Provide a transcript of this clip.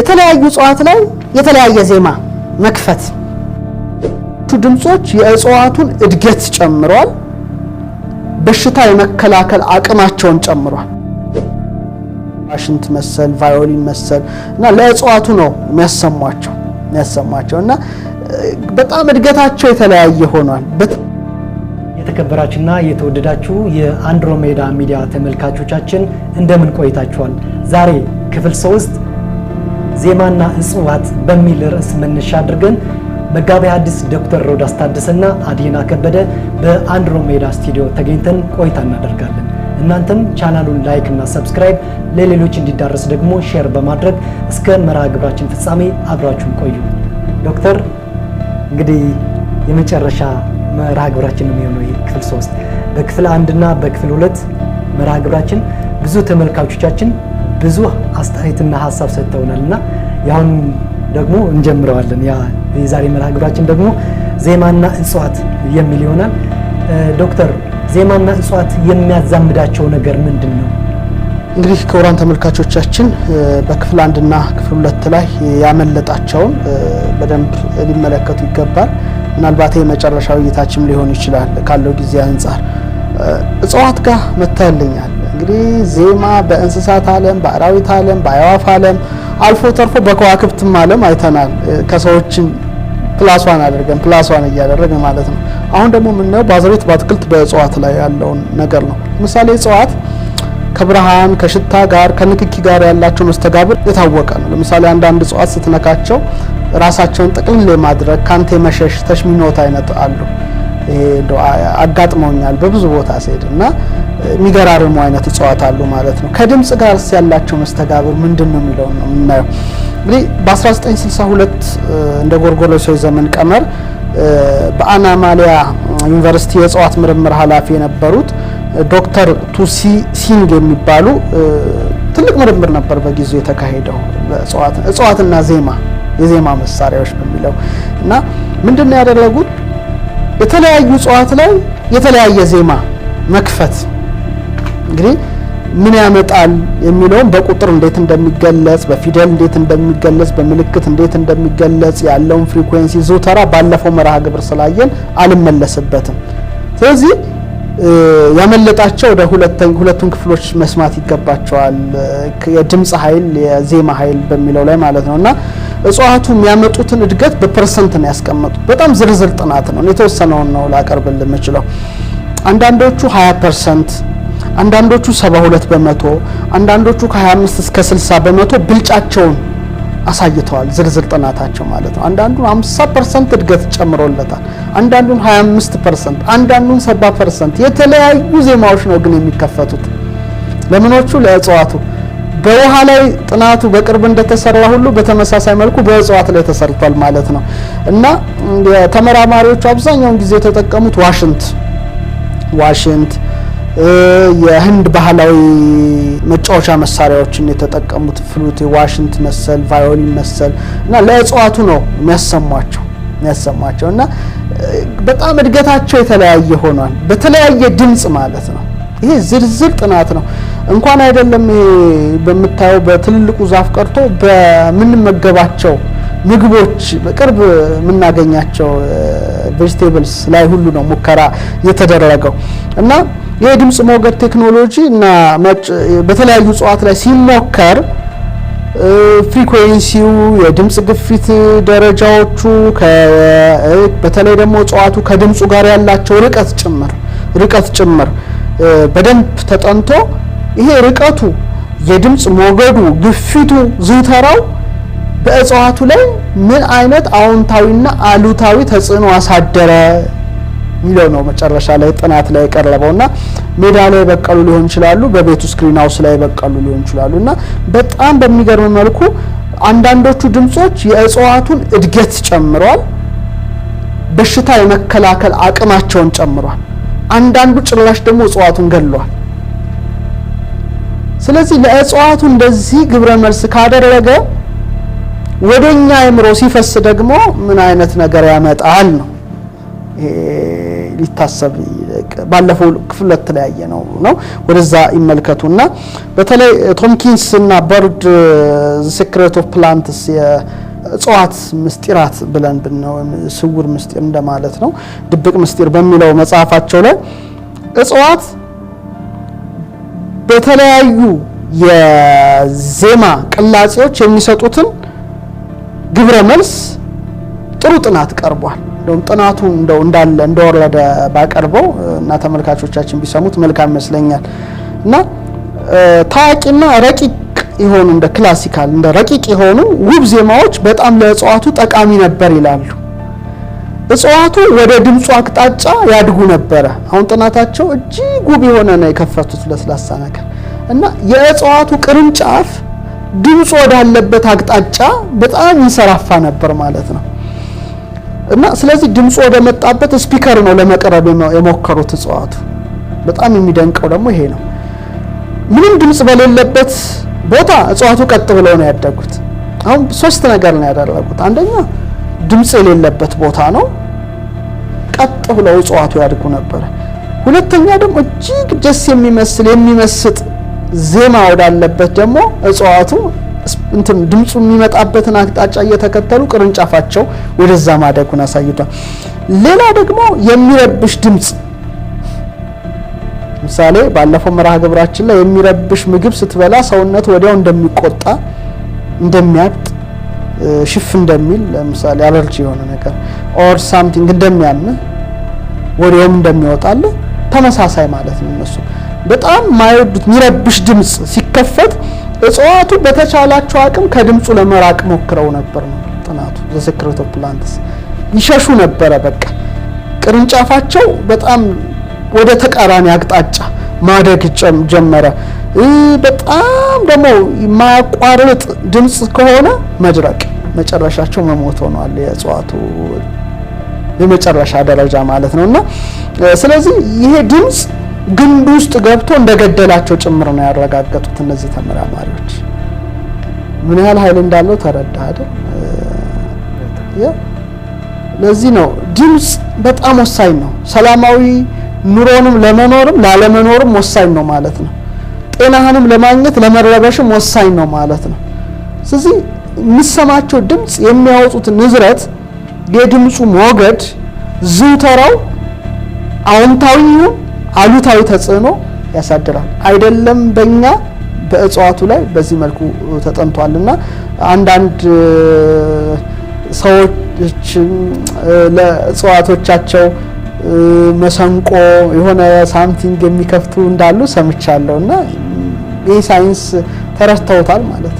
የተለያዩ እጽዋት ላይ የተለያየ ዜማ መክፈት ድምጾች የእጽዋቱን እድገት ጨምሯል። በሽታ የመከላከል አቅማቸውን ጨምሯል። ዋሽንት መሰል፣ ቫዮሊን መሰል እና ለእጽዋቱ ነው የሚያሰሟቸው የሚያሰሟቸው እና በጣም እድገታቸው የተለያየ ሆኗል። የተከበራችሁና የተወደዳችሁ የአንድሮሜዳ ሚዲያ ተመልካቾቻችን እንደምን ቆይታችኋል? ዛሬ ክፍል ሶስት ዜማና እጽዋት በሚል ርዕስ መነሻ አድርገን መጋቢ ሐዲስ ዶክተር ሮዳስ ታደሰና አዲና ከበደ በአንድሮሜዳ ስቱዲዮ ተገኝተን ቆይታ እናደርጋለን። እናንተም ቻናሉን ላይክ እና ሰብስክራይብ ለሌሎች እንዲዳረስ ደግሞ ሼር በማድረግ እስከ መርሃ ግብራችን ፍጻሜ አብራችሁን ቆዩ። ዶክተር እንግዲህ የመጨረሻ መርሃ ግብራችን ነው የሚሆነው ክፍል ሶስት። በክፍል አንድ እና በክፍል ሁለት መርሃ ግብራችን ብዙ ተመልካቾቻችን ብዙ አስተያየትና ሀሳብ ሰጥተውናል እና ያሁን ደግሞ እንጀምረዋለን። የዛሬ መርሃ ግብራችን ደግሞ ዜማና እጽዋት የሚል ይሆናል። ዶክተር ዜማና እጽዋት የሚያዛምዳቸው ነገር ምንድን ነው? እንግዲህ ክቡራን ተመልካቾቻችን በክፍል አንድና ክፍል ሁለት ላይ ያመለጣቸውን በደንብ ሊመለከቱ ይገባል። ምናልባት የመጨረሻው እይታችም ሊሆን ይችላል ካለው ጊዜ አንጻር እጽዋት ጋር መታየልኛል እንግዲህ ዜማ በእንስሳት ዓለም፣ በአራዊት ዓለም፣ በአይዋፍ ዓለም አልፎ ተርፎ በከዋክብትም ዓለም አይተናል። ከሰዎችን ፕላሷን አድርገን ፕላሷን እያደረግን ማለት ነው። አሁን ደግሞ የምናየው በአዘቤት በአትክልት በእጽዋት ላይ ያለውን ነገር ነው። ለምሳሌ እጽዋት ከብርሃን ከሽታ ጋር ከንክኪ ጋር ያላቸው መስተጋብር የታወቀ ነው። ለምሳሌ አንዳንድ እጽዋት ስትነካቸው ራሳቸውን ጥቅልል ማድረግ ካንተ የመሸሽ ተሽሚኖት አይነት አሉ። አጋጥመውኛል በብዙ ቦታ ስሄድ እና የሚገራርሙ አይነት እጽዋት አሉ ማለት ነው። ከድምጽ ጋር ያላቸው መስተጋብር ምንድን ነው የሚለውን ነው የምናየው። እንግዲህ በ1962 እንደ ጎርጎሎሳዊ ዘመን ቀመር በአናማሊያ ዩኒቨርሲቲ የእጽዋት ምርምር ኃላፊ የነበሩት ዶክተር ቱሲ ሲንግ የሚባሉ ትልቅ ምርምር ነበር በጊዜው የተካሄደው እጽዋትና ዜማ የዜማ መሳሪያዎች የሚለው እና ምንድን ነው ያደረጉት የተለያዩ እጽዋት ላይ የተለያየ ዜማ መክፈት እንግዲህ ምን ያመጣል የሚለውን በቁጥር እንዴት እንደሚገለጽ በፊደል እንዴት እንደሚገለጽ በምልክት እንዴት እንደሚገለጽ ያለውን ፍሪኩዌንሲ ዞተራ ባለፈው መርሃ ግብር ስላየን አልመለስበትም። ስለዚህ ያመለጣቸው ወደ ሁለቱን ክፍሎች መስማት ይገባቸዋል። የድምፅ ኃይል የዜማ ኃይል በሚለው ላይ ማለት ነው እና እጽዋቱ የሚያመጡትን እድገት በፐርሰንት ነው ያስቀመጡት። በጣም ዝርዝር ጥናት ነው። የተወሰነውን ነው ላቀርብል የምችለው። አንዳንዶቹ 20 ፐርሰንት አንዳንዶቹ 72 በመቶ አንዳንዶቹ ከ25 እስከ 60 በመቶ ብልጫቸውን አሳይተዋል። ዝርዝር ጥናታቸው ማለት ነው። አንዳንዱ 50% እድገት ጨምሮለታል፣ አንዳንዱን 25%፣ አንዳንዱን 70%። የተለያዩ ዜማዎች ነው ግን የሚከፈቱት ለምኖቹ ለእጽዋቱ በውሃ ላይ ጥናቱ በቅርብ እንደተሰራ ሁሉ በተመሳሳይ መልኩ በእጽዋት ላይ ተሰርቷል ማለት ነው። እና ተመራማሪዎቹ አብዛኛውን ጊዜ የተጠቀሙት ዋሽንት ዋሽንት የህንድ ባህላዊ መጫወቻ መሳሪያዎችን የተጠቀሙት ፍሉት፣ ዋሽንት መሰል፣ ቫዮሊን መሰል እና ለእጽዋቱ ነው የሚያሰሟቸው የሚያሰሟቸው እና በጣም እድገታቸው የተለያየ ሆኗል። በተለያየ ድምፅ ማለት ነው። ይሄ ዝርዝር ጥናት ነው። እንኳን አይደለም ይሄ በምታየው በትልልቁ ዛፍ ቀርቶ በምንመገባቸው ምግቦች በቅርብ የምናገኛቸው ቬጅቴብልስ ላይ ሁሉ ነው ሙከራ የተደረገው እና የድምጽ ሞገድ ቴክኖሎጂ እና በተለያዩ እጽዋት ላይ ሲሞከር ፍሪኩዌንሲው የድምጽ ግፊት ደረጃዎቹ በተለይ ደግሞ እጽዋቱ ከድምፁ ጋር ያላቸው ርቀት ጭምር ርቀት ጭምር በደንብ ተጠንቶ ይሄ ርቀቱ የድምፅ ሞገዱ ግፊቱ ዝውተራው በእጽዋቱ ላይ ምን አይነት አዎንታዊና አሉታዊ ተጽዕኖ አሳደረ የሚለው ነው መጨረሻ ላይ ጥናት ላይ የቀረበው እና ሜዳ ላይ የበቀሉ ሊሆን ይችላሉ፣ በቤቱ ስክሪን ሀውስ ላይ የበቀሉ ሊሆን ይችላሉ እና በጣም በሚገርም መልኩ አንዳንዶቹ ድምጾች የእጽዋቱን እድገት ጨምረዋል፣ በሽታ የመከላከል አቅማቸውን ጨምሯል። አንዳንዱ ጭራሽ ደግሞ እጽዋቱን ገድሏል። ስለዚህ ለእጽዋቱ እንደዚህ ግብረ መልስ ካደረገ ወደኛ አእምሮ ሲፈስ ደግሞ ምን አይነት ነገር ያመጣል ነው። ሊታሰብ ባለፈው ክፍል ተለያየ ነው ነው ወደዛ ይመልከቱና በተለይ ቶምኪንስ እና በርድ ሴክሬት ኦፍ ፕላንትስ እጽዋት ምስጢራት ብለን ብነው ስውር ምስጢር እንደማለት ነው። ድብቅ ምስጢር በሚለው መጽሐፋቸው ላይ እጽዋት በተለያዩ የዜማ ቅላጼዎች የሚሰጡትን ግብረ መልስ ጥሩ ጥናት ቀርቧል። እንደውም ጥናቱ እንደው እንዳለ እንደወረደ ባቀርበው እና ተመልካቾቻችን ቢሰሙት መልካም ይመስለኛል። እና ታዋቂና ረቂቅ የሆኑ እንደ ክላሲካል እንደ ረቂቅ የሆኑ ውብ ዜማዎች በጣም ለእጽዋቱ ጠቃሚ ነበር ይላሉ። እጽዋቱ ወደ ድምፁ አቅጣጫ ያድጉ ነበረ። አሁን ጥናታቸው እጅግ ውብ የሆነ ነው የከፈቱት ለስላሳ ነገር እና የእጽዋቱ ቅርንጫፍ ድምፁ ወዳለበት አቅጣጫ በጣም ይንሰራፋ ነበር ማለት ነው። እና ስለዚህ ድምፁ ወደ መጣበት ስፒከር ነው ለመቅረብ የሞከሩት እጽዋቱ። በጣም የሚደንቀው ደግሞ ይሄ ነው። ምንም ድምፅ በሌለበት ቦታ እጽዋቱ ቀጥ ብለው ነው ያደጉት። አሁን ሶስት ነገር ነው ያደረጉት። አንደኛ ድምፅ የሌለበት ቦታ ነው ቀጥ ብለው እጽዋቱ ያድጉ ነበረ። ሁለተኛ ደግሞ እጅግ ደስ የሚመስል የሚመስጥ ዜማ ወዳለበት ደግሞ እጽዋቱ እንትን ድምፁ የሚመጣበትን አቅጣጫ እየተከተሉ ቅርንጫፋቸው ወደዛ ማደጉን አሳይቷል። ሌላ ደግሞ የሚረብሽ ድምፅ ምሳሌ ባለፈው መርሃ ግብራችን ላይ የሚረብሽ ምግብ ስትበላ ሰውነት ወዲያው እንደሚቆጣ እንደሚያብጥ ሽፍ እንደሚል ለምሳሌ አለርጂ የሆነ ነገር ኦር ሳምቲንግ እንደሚያምህ ወዲያውም እንደሚወጣል ተመሳሳይ ማለት ነው። እነሱ በጣም ማይወዱት የሚረብሽ ድምፅ ሲከፈት እጽዋቱ በተቻላቸው አቅም ከድምፁ ለመራቅ ሞክረው ነበር ነው ጥናቱ። ዘሴክሬት ፕላንትስ ይሸሹ ነበረ። በቃ ቅርንጫፋቸው በጣም ወደ ተቃራኒ አቅጣጫ ማደግ ጀመረ። በጣም ደግሞ የማያቋርጥ ድምፅ ከሆነ መድረቅ፣ መጨረሻቸው መሞት ሆኗል። የእጽዋቱ የመጨረሻ ደረጃ ማለት ነው እና ስለዚህ ይሄ ድምፅ ግንድ ውስጥ ገብቶ እንደገደላቸው ጭምር ነው ያረጋገጡት እነዚህ ተመራማሪዎች። ምን ያህል ኃይል እንዳለው ተረዳ አይደል? ለዚህ ነው ድምፅ በጣም ወሳኝ ነው። ሰላማዊ ኑሮንም ለመኖርም ላለመኖርም ወሳኝ ነው ማለት ነው። ጤናህንም ለማግኘት ለመረበሽም ወሳኝ ነው ማለት ነው። ስለዚህ የሚሰማቸው ድምፅ የሚያወጡት ንዝረት፣ የድምፁ ሞገድ፣ ዝውተራው አዎንታዊ ይሁን አሉታዊ ተጽዕኖ ያሳድራል። አይደለም በእኛ በእጽዋቱ ላይ በዚህ መልኩ ተጠንቷል እና አንዳንድ ሰዎች ለእጽዋቶቻቸው መሰንቆ የሆነ ሳምቲንግ የሚከፍቱ እንዳሉ ሰምቻለሁ እና ይህ ሳይንስ ተረድተውታል ማለት ነው።